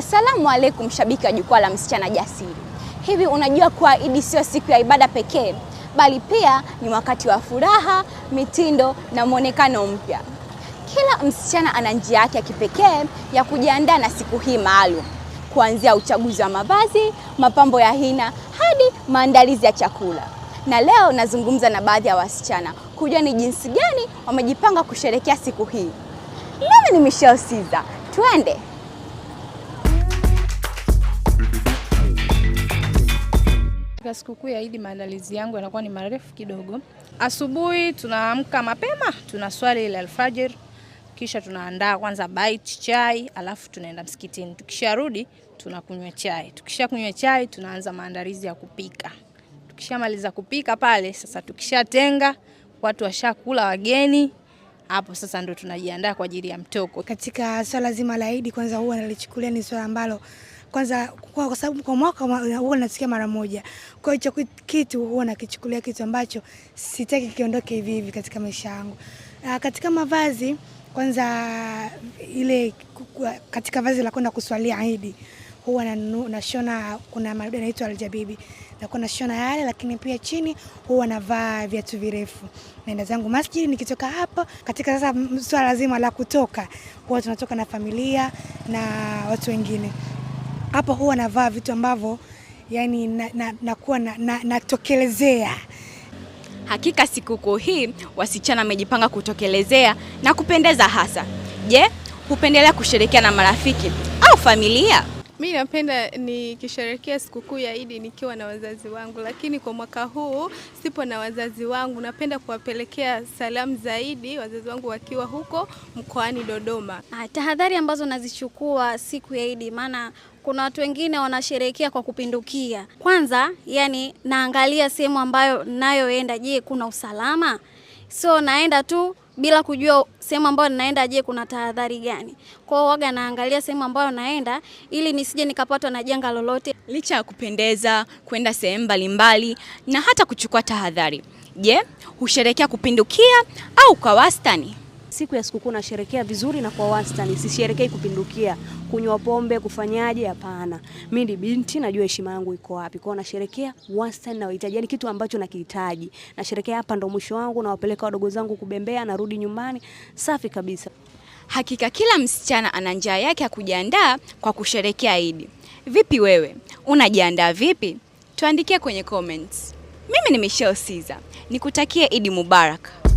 Asalamu alaikum, shabiki wa jukwaa la msichana jasiri. Hivi unajua kuwa Idi sio siku ya ibada pekee, bali pia ni wakati wa furaha, mitindo na mwonekano mpya. Kila msichana ana njia yake ya kipekee ya kujiandaa na siku hii maalum, kuanzia uchaguzi wa mavazi, mapambo ya hina hadi maandalizi ya chakula. Na leo nazungumza na baadhi ya wasichana kujua ni jinsi gani wamejipanga kusherekea siku hii. Mimi ni Michelle Siza, twende. Katika sikukuu ya Idi maandalizi yangu yanakuwa ni marefu kidogo. Asubuhi tunaamka mapema, tuna swali la alfajiri, kisha tunaandaa kwanza bite chai, alafu tunaenda msikitini. Tukisharudi tunakunywa chai, tukishakunywa chai tunaanza maandalizi ya kupika. Tukishamaliza kupika pale sasa, tukishatenga watu washakula, wageni hapo sasa ndo tunajiandaa kwa ajili ya mtoko. Katika swala zima la Idi, kwanza huwa nalichukulia ni swala ambalo kwanza, kwa sababu kwa mwaka huwa nasikia mara moja. Kwa hiyo hicho kitu huwa nakichukulia kitu ambacho sitaki kiondoke hivi hivi katika maisha yangu. Ah, katika mavazi kwanza, ile katika vazi la kwenda kuswalia Idi huwa nashona, kuna marudi anaitwa aljabibi nakuwa nashona yale, lakini pia chini huwa navaa viatu virefu, naenda zangu masjidi. Nikitoka hapo, katika sasa swala zima la kutoka, huwa tunatoka na familia na watu wengine hapa huwa navaa vitu ambavyo yani nakuwa na, na, na, natokelezea. Hakika sikukuu hii wasichana wamejipanga kutokelezea na kupendeza hasa. Je, hupendelea kusherekea na marafiki au familia? Mi napenda nikisherekea sikukuu ya Idi nikiwa na wazazi wangu, lakini kwa mwaka huu sipo na wazazi wangu. Napenda kuwapelekea salamu zaidi wazazi wangu wakiwa huko mkoani Dodoma. Ah, tahadhari ambazo nazichukua siku ya Idi, maana kuna watu wengine wanasherehekea kwa kupindukia. Kwanza yani, naangalia sehemu ambayo nayoenda, je, kuna usalama? so naenda tu bila kujua sehemu ambayo ninaenda, je, kuna tahadhari gani? Kwa hiyo waga naangalia sehemu ambayo naenda ili nisije nikapatwa na janga lolote. Licha ya kupendeza kwenda sehemu mbalimbali na hata kuchukua tahadhari, je, husherekea kupindukia au kwa wastani? siku ya sikukuu nasherekea vizuri na kwa wastani, sisherekei kupindukia, kunywa pombe, kufanyaje? Hapana, mimi ni binti, najua heshima yangu iko wapi. Kwao nasherekea wastani na wahitaji, yani kitu ambacho nakihitaji. Nasherekea hapa ndo mwisho wangu, nawapeleka wadogo zangu kubembea, narudi nyumbani safi kabisa. Hakika kila msichana ana njia yake ya kujiandaa kwa kusherekea Idi. Vipi wewe, unajiandaa vipi? Tuandikie kwenye comments. Mimi ni Michelle Caesar, nikutakie Idi Mubarak.